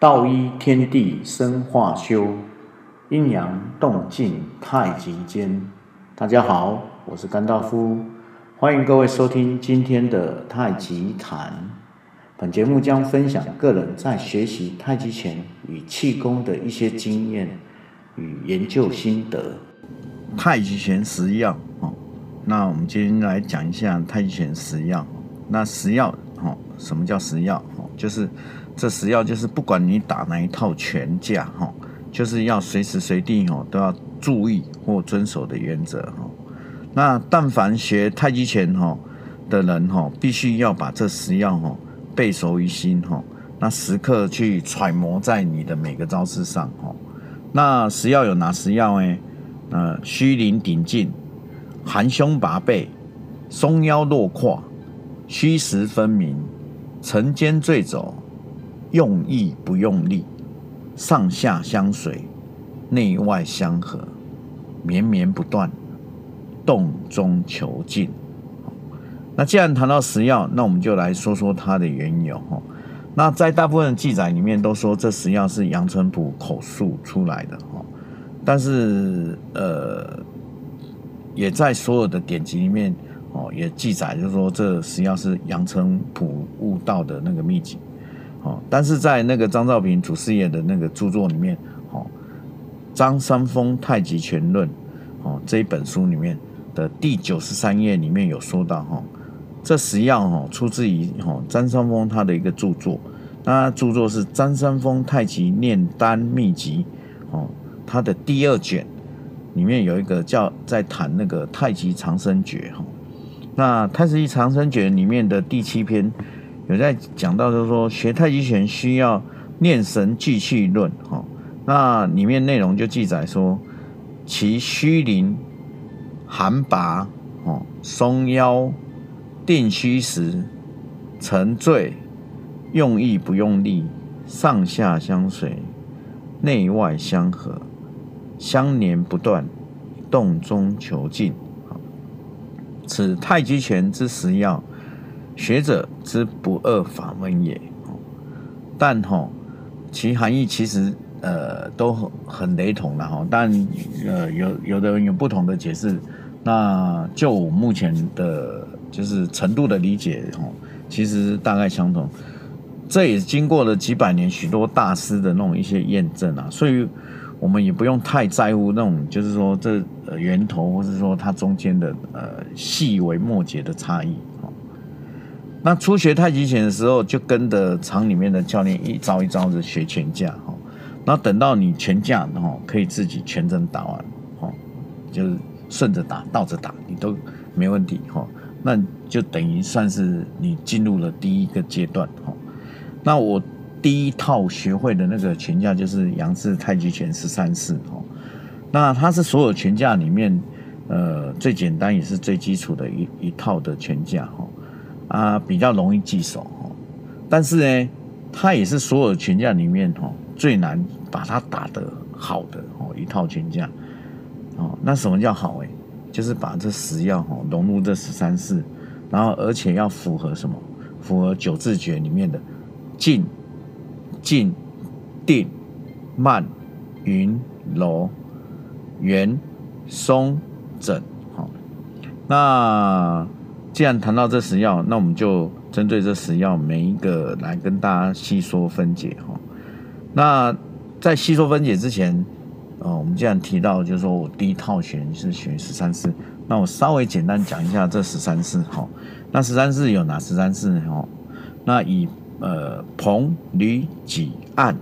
道一天地生化修，陰陽動靜太極間。大家好，我是甘道夫，歡迎各位收聽今天的太極談。本節目將分享個人在學習太極拳與氣功的一些經驗與研究心得。太極拳十要，那我們今天來講一下太極拳十要。那十要。什麼叫十要？就是這十要，就是不管你打哪一套拳架，哈，就是要隨時隨地，都要注意或遵守的原則，哈。那但凡學太極拳，哈的人，哈，必須要把這十要哈，背熟於心，哈。那時刻去揣摩在你的每個招式上，那十要有哪十要哎，呃，虛靈頂勁，含胸拔背，鬆腰落胯，虛實分明。沈肩墜肘，用意不用力，上下相隨，內外相合，綿綿不斷，動中求靜。那既然談到十要，那我們就來說說它的原由。那在大部分的記載裡面都說這十要是楊澄甫口述出來的。但是呃，也在所有的典籍裡面。哦，也記載就是說，這十要，是楊澄甫悟道的那個祕籍。哦，但是在那個張肇平祖師爺的那個著作裡面，哦，《張三丰太極拳論》哦，這一本書裡面的第九十三頁裡面有說到，哈、哦，這十要哦，出自於哦張三丰他的一個著作。那他著作是《張三丰太極煉丹祕籍》哦，他的第二卷裡面有一個叫在談那個太極長生訣哈。哦那《太極長生訣》裡面的第七篇有在講到，就是說學太極拳需要歛神聚氣論哈。那裡面內容就記載說：其虛靈含拔，哦鬆腰定虛實，沉墜，用意不用力，上下相隨，內外相合，相連不斷，動中求靜。此太極拳之十要，學者之不二法門也。但吼，其含義其實呃都很很雷同了哈。但呃，有有的人有不同的解釋。那就目前的，就是程度的理解吼，其實大概相同。這也經過了幾百年許多大師的那種一些驗證啊，所以。我們也不用太在乎那種，就是說這源頭，或是說它中間的呃細微末節的差異，哈。那初學太極拳的時候，就跟着廠裡面的教練一招一招的學拳架，哈。然後等到你拳架，哈，可以自己全程打完，哈，就是順着打、倒着打，你都沒問題，哈。那就等於算是你進入了第一個階段，哈。那我。第一套學會的那個拳架，就是楊氏太極拳十三式哦，那它是所有拳架裡面，呃，最簡單也是最基礎的一一套的拳架哈，啊，比較容易記熟，但是呢，它也是所有拳架裡面最難把它打得好的哦一套拳架哦，那什麼叫好？欸、就是把這十要融入這十三式，然後而且要符合什麼？符合九字訣裡面的進靜、定慢、云柔圓鬆整，好、哦。那既然談到這十要，那我們就針對這十要每一個來跟大家細說分解哈、哦。那在細說分解之前、呃，我們既然提到就是說我第一套選是選十三式，那我稍微簡單講一下這十三式哈。那十三式有哪十三式呢？哈、哦，那以呃，掤、捋、擠、按、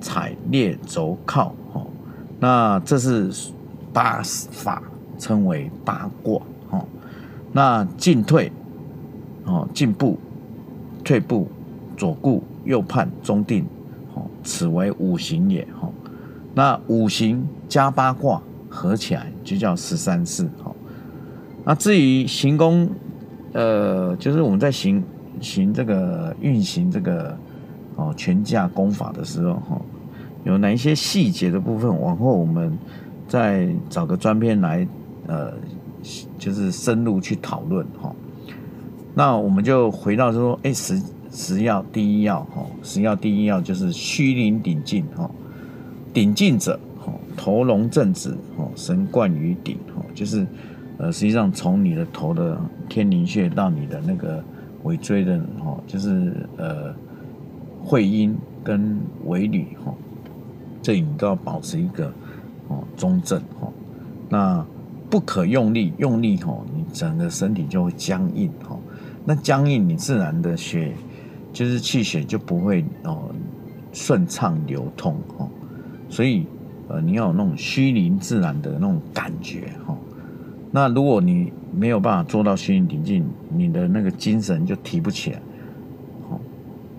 採、挒、肘靠，哈、哦，那這是八法，稱為八卦，哈、哦，那進退，哦，進步、退步、左顧右盼、中定，哦，此為五行也，哈、哦，那五行加八卦合起來就叫十三式，哈、哦，那至於行功，呃，就是我們在行。行這個運行這個哦，全架功法的時候哈、哦，有哪一些細節的部分，往後我們再找個專片來呃，就是深入去討論哈、哦。那我們就回到說，哎，十十要第一要哈，十、哦、要第一要就是虛靈頂勁哈、哦。頂勁者、哦，頭龍正直，哈、哦、神貫於頂，哦、就是呃實際上從你的頭的天靈穴到你的那個。尾椎的吼，就是呃，會陰跟尾閭吼，這裡你都要保持一個哦、呃、中正、呃、那不可用力，用力吼、呃，你整個身體就會僵硬、呃、那僵硬你自然的血就是氣血就不會哦順暢流通、呃、所以呃你要有那種虛靈自然的那種感覺、呃那如果你沒有辦法做到虛靈頂勁，你的那個精神就提不起來。好、哦，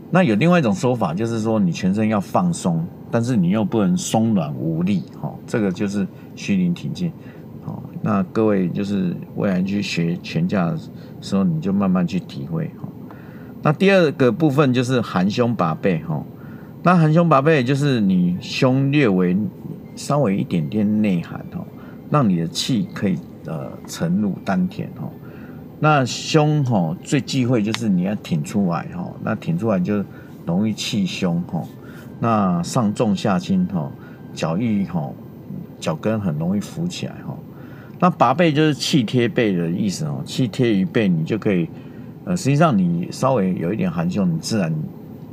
那有另外一種說法，就是說你全身要放鬆，但是你又不能鬆軟無力。哈、哦，這個就是虛靈頂勁。好、哦，那各位就是未來去學拳架的時候，你就慢慢去體會。好、哦，那第二個部分就是含胸拔背。哈、哦，那含胸拔背就是你胸略微稍微一點點內含。哈、哦，讓你的氣可以。呃，沉入丹田哈、哦，那胸哈、哦，最忌諱就是你要挺出來哈、哦，那挺出來就容易氣胸哈、哦。那上重下輕哈，腳一哈腳跟很容易浮起來哈、哦。那拔背就是氣貼背的意思哦，氣貼於背你就可以，呃，實際上你稍微有一點含胸，你自然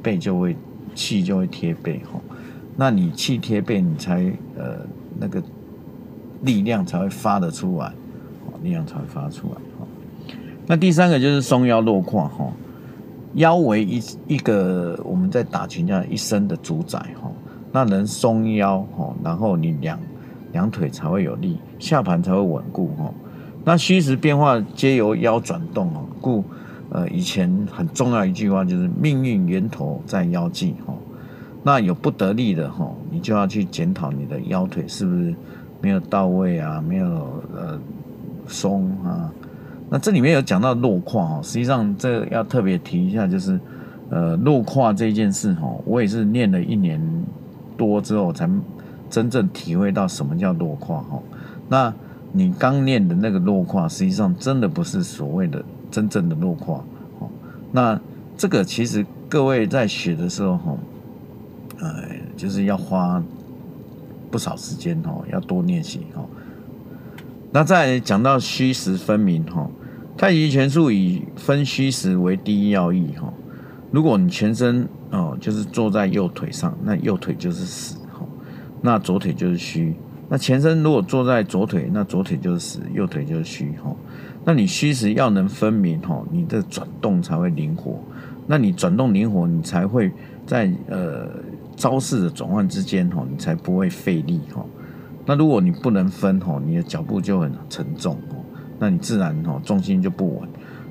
背就會氣就會貼背哈、哦。那你氣貼背，你才呃那個。力量才會發得出來，力量才會發出來，那第三個就是鬆腰落胯，哈，腰為一一，一個我們在打拳架一身的主宰，哈，那能鬆腰，哈，然後你兩兩腿才會有力，下盤才會穩固，哈。那虛實變化皆由腰轉動，哈，故呃，以前很重要一句話就是命運源頭在腰際，哈。那有不得力的，哈，你就要去檢討你的腰腿是不是。沒有到位啊，沒有呃鬆啊，那這裡面有講到落胯哦，實際上這要特別提一下，就是呃落胯這件事哦，我也是練了一年多之後才真正體會到什麼叫落胯哈。那你剛練的那個落胯，實際上真的不是所謂的真正的落胯哦。那這個其實各位在學的時候哈，呃就是要花不少時間哦，要多練習哦。那再講到虛實分明哦，太極拳術以分虛實為第一要義哦。如果你全身哦，就是坐在右腿上，那右腿就是實哦。那左腿就是虛。那前身如果坐在左腿，那左腿就是實，右腿就是虛哦。那你虛實要能分明哦，你的轉動才會靈活。那你轉動靈活，你才會在呃。招式的轉換之間，吼，你才不會費力，吼。那如果你不能分，吼，你的腳步就很沉重，吼。那你自然，吼，重心就不穩。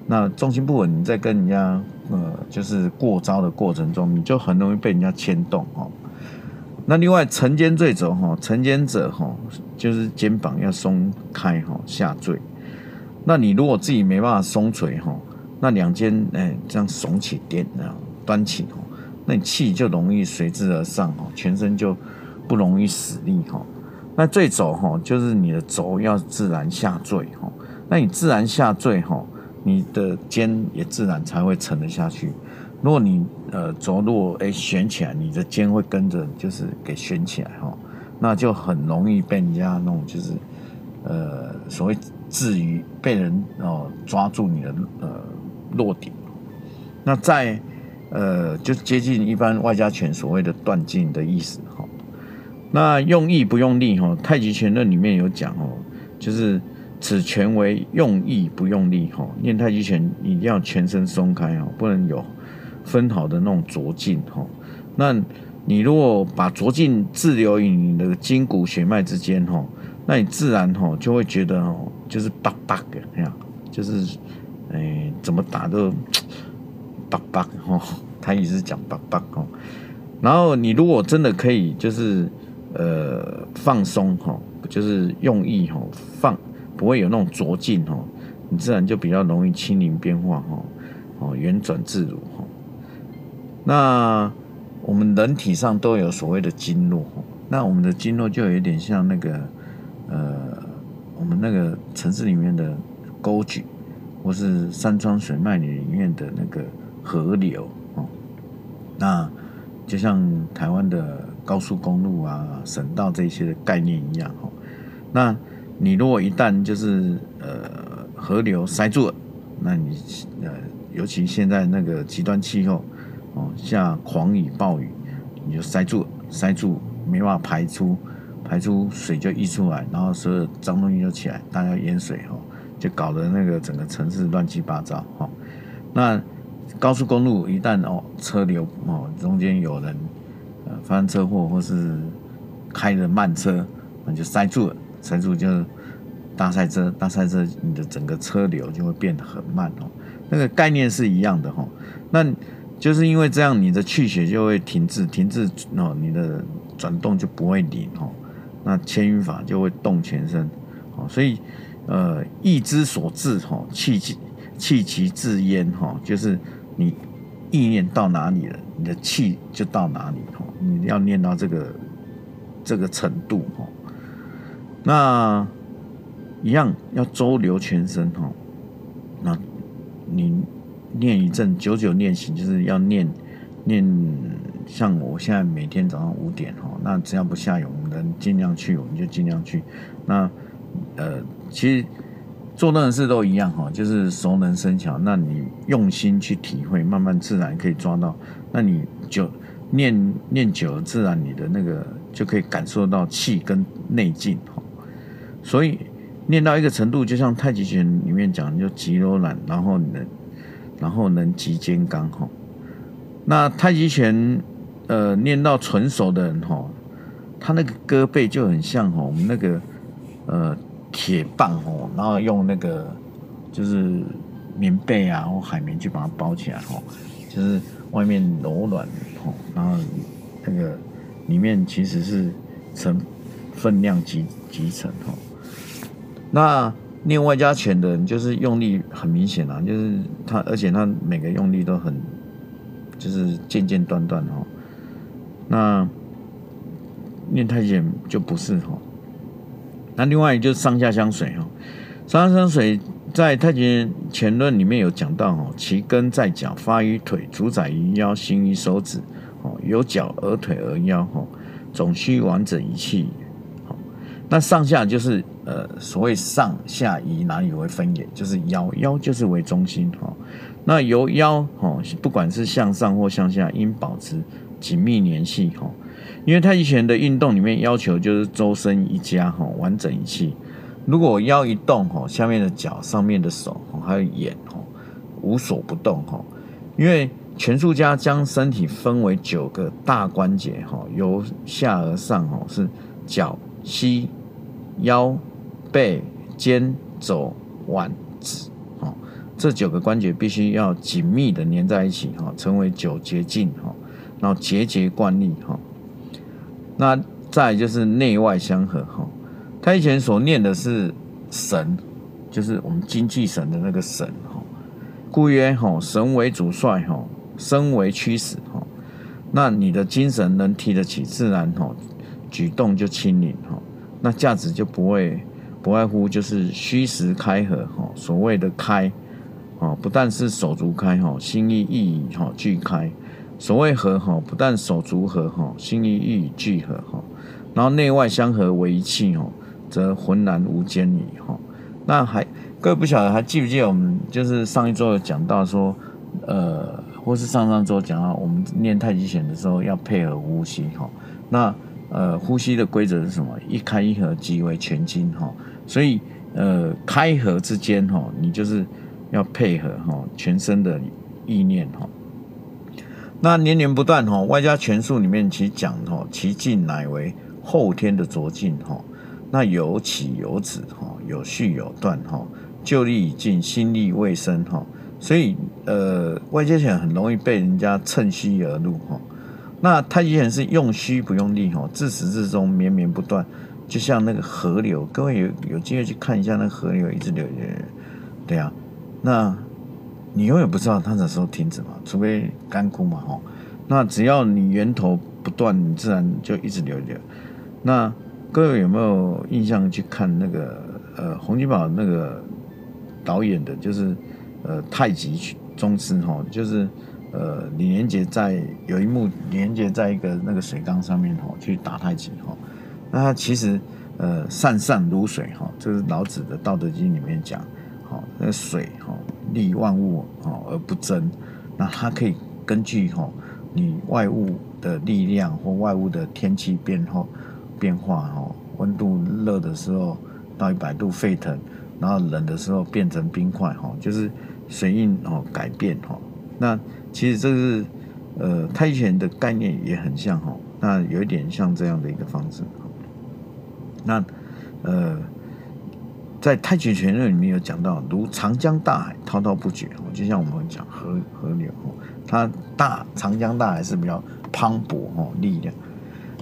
那重心不穩，你在跟人家，呃，就是過招的過程中，你就很容易被人家牽動，吼。那另外沉肩墜肘，吼，沉肩者，吼，就是肩膀要鬆開，吼，下墜。那你如果自己沒辦法鬆垂，吼，那兩肩，哎、欸，這樣聳起墊，然後端起，吼。那你氣就容易隨之而上、哦、全身就不容易使力、哦、那墜肘、哦、就是你的肘要自然下墜、哦、那你自然下墜、哦、你的肩也自然才會沉得下去。如果你呃肘落哎懸起來，你的肩會跟着就是給懸起來、哦、那就很容易被人家弄，就是呃所謂至於被人、呃、抓住你的呃落點。那在呃，就是接近一般外家拳所謂的斷勁的意思哈。那用意不用力哈，太極拳論裡面有講哦，就是此拳為用意不用力哈。練太極拳一定要全身鬆開哦，不能有分毫的那種拙勁哈。那你如果把拙勁滯留於你的筋骨血脈之間哈，那你自然哈就會覺得哦，就是叭叭的，就是哎怎麼打都叭叭哈。他也是講“八八”哦，然後你如果真的可以，就是呃放鬆哈、哦，就是用意哈、哦、放，不會有那種拙勁哦，你自然就比較容易輕靈變化哈，哦圓轉自如哈、哦。那我們人體上都有所謂的經絡、哦，那我們的經絡就有點像那個呃我們那個城市裡面的溝渠，或是山川水脈裡面的那個河流。那就像台灣的高速公路啊、省道這些的概念一樣、哦，吼。那你如果一旦就是呃河流塞住了，那你呃尤其現在那個極端氣候，哦，下狂雨暴雨，你就塞住了，塞住，沒辦法排出，排出水就溢出來，然後所有髒東西就起來，大家淹水、哦，吼，就搞得那個整個城市亂七八糟，吼、哦。那。高速公路一旦哦車流哦中間有人呃發生車禍或是開的慢車，那就塞住了，塞住就大塞車，大塞車，你的整個車流就會變得很慢哦，那個概念是一樣的哈、哦。那就是因為這樣，你的氣血就會停滯，停滯哦，你的轉動就不會靈哦。那牽引法就會動全身哦，所以呃意之所至哈氣氣氣至焉哈、哦、就是。你意念到哪裡了，你的氣就到哪裡。你要念到這個這個程度吼。那一樣要周流全身吼。那你念一陣，久久練習，就是要念念。像我現在每天早上五點吼。那只要不下雨，我們能盡量去，我們就盡量去。那呃，其實。做任何事都一樣哈，就是熟能生巧。那你用心去體會，慢慢自然可以抓到。那你就念念久了，自然你的那個就可以感受到氣跟內勁哈。所以念到一個程度，就像太極拳裡面講的，就極柔軟，然後能，然後能極堅剛好。那太極拳呃，念到純熟的人哈，他那個胳膊就很像哈，我們那個呃。鐵棒哦，然後用那個就是棉被啊或海綿去把它包起來哦，就是外面柔軟哦，然後那個裡面其實是成分量積集，集成哦。那練外家拳的，就是用力很明顯啊，就是他而且他每個用力都很就是間間斷斷哦。那練太極就不是哦。那另外就是上下相隨哈，上下相隨在太極拳論裡面有講到哈，其根在腳，發於腿，主宰於腰，形於手指，哦，由腳而腿而腰哈，哦，總須完整一氣，好，哦，那上下就是呃所謂上下移哪裡為分野，就是腰，腰就是為中心哈，哦，那由腰哈，哦，不管是向上或向下，應保持緊密聯繫哈，因為太極拳的運動裡面要求就是周身一家哈，完整一氣。如果我腰一動哈，下面的腳、上面的手還有眼哈，無所不動哈。因為拳術家將身體分為九個大關節哈，由下而上哈是腳、膝、腰、背、肩、肘、腕、指哈，這九個關節必須要緊密的粘在一起哈，成為九節勁哈。然後節節貫歷哈，那再就是內外相合哈。他以前所念的是神，就是我們精氣神的那個神哈。故曰哈，神為主帥哈，身為驅使哈。那你的精神能提得起，自然哈，舉動就輕盈哈。那架子就不會不外乎就是虛實開合哈。所謂的開啊，不但是手足開哈，心意意哈俱開。所謂合哈，不但手足合哈，心意亦與俱合哈，然後內外相合為一氣哈，則渾然無間矣哈。那還各位不曉得還記不記得我們就是上一周有講到說，呃，或是上上周講到我們練太極拳的時候要配合呼吸哈。那呃，呼吸的規則是什麼？一開一合即為全經哈。所以呃，開合之間哈，你就是要配合哈全身的意念哈。那連綿不斷哈，外家拳術裡面其講哈，其勁乃為後天的濁勁哈，那有起有止哈，有續有斷哈，舊力已盡，新力未生哈，所以呃，外家拳很容易被人家趁虛而入哈。那太極拳是用虛不用力哈，自始至終綿綿不斷，就像那個河流，各位有有機會去看一下那個河流一直流一直，對呀，啊，那。你永遠不知道它什麼時候停止嘛，除非乾枯嘛，吼。那只要你源頭不斷，你自然就一直流一流。那各位有沒有印象去看那個呃，洪金寶那個導演的，就是呃太極宗師吼，就是呃李連杰在，有一幕李連杰在一個那個水缸上面吼去打太極吼，那他其實呃上善若水哈，這是老子的道德經裡面講，好那個水哈。利萬物而不爭，那它可以根據你外物的力量或外物的天氣變化，變化溫度，熱的時候到一百度沸騰，然後冷的時候變成冰塊，就是水性改變，那其實這是呃太極拳的概念也很像，那有一點像這樣的一個方式，那呃。在太極拳論裡面有講到，如長江大海滔滔不絕，就像我們講河河流，它大長江大海是比較磅礴哦，力量。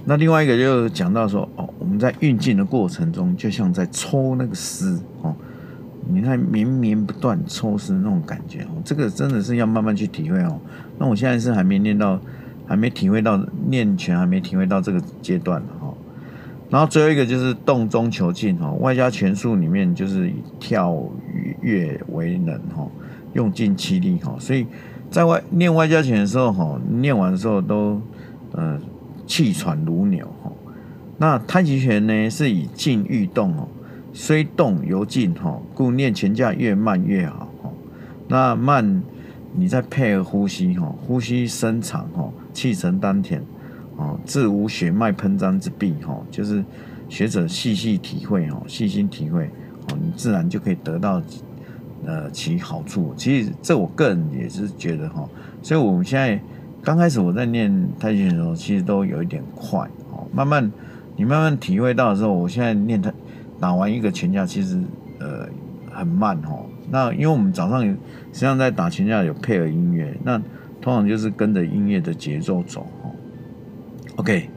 那另外一個就講到說哦，我們在運勁的過程中，就像在抽那個絲哦，你看綿綿不斷抽絲那種感覺哦，這個真的是要慢慢去體會哦。那我現在是還沒練到，還沒體會到練拳，還沒體會到這個階段哦。然後最後一個就是動中求靜哈，外家拳術裡面就是以跳躍為能哈，用盡氣力哈，所以在外練外家拳的時候哈，練完的時候都、呃、氣喘如牛哈。那太極拳呢是以靜御動哦，雖動猶靜哈，故練拳架越慢越好哈。那慢，你再配合呼吸哈，呼吸深長哈，氣沉丹田。哦，自無血脈噴張之弊，哈、哦，就是學者細細體會，哈、哦，細心體會，哦，你自然就可以得到，呃，其好處。其實，這我個人也是覺得，哈、哦，所以我們現在剛開始我在練太極拳的時候，其實都有一點快，哦，慢慢你慢慢體會到的時候，我現在練它打完一個拳架，其實呃很慢，哈、哦，那因為我們早上實際上在打拳架有配合音樂，那通常就是跟着音樂的節奏走。OK，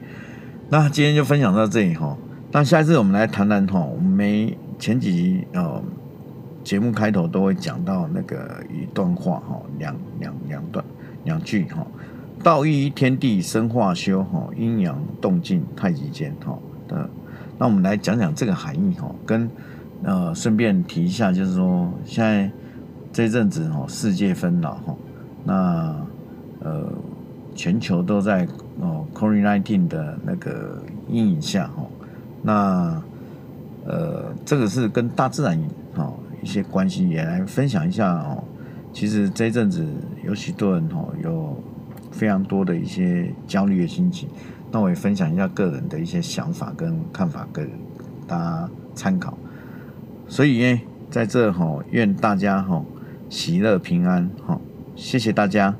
那今天就分享到這裡哈、哦。那下一次我們來談談哈，我們沒前幾集哦，呃、節目開頭都會講到那個一段話哈、哦，兩兩兩段兩句哈、哦。道義天地生化修哈，哦、陰陽動靜太極間哈的。那我們來講講這個含義哈、哦，跟呃順便提一下，就是說現在這陣子哈、哦，世界紛擾哈，那呃全球都在。哦 COVID-19 的那個陰影下，哦，那呃，這個是跟大自然哦一些關係，也來分享一下哦。其實這陣子有許多人哦有非常多的一些焦慮的心情，那我也分享一下個人的一些想法跟看法，跟大家參考。所以呢、欸，在這哈、哦，願大家哈、哦、喜樂平安哈、哦，謝謝大家。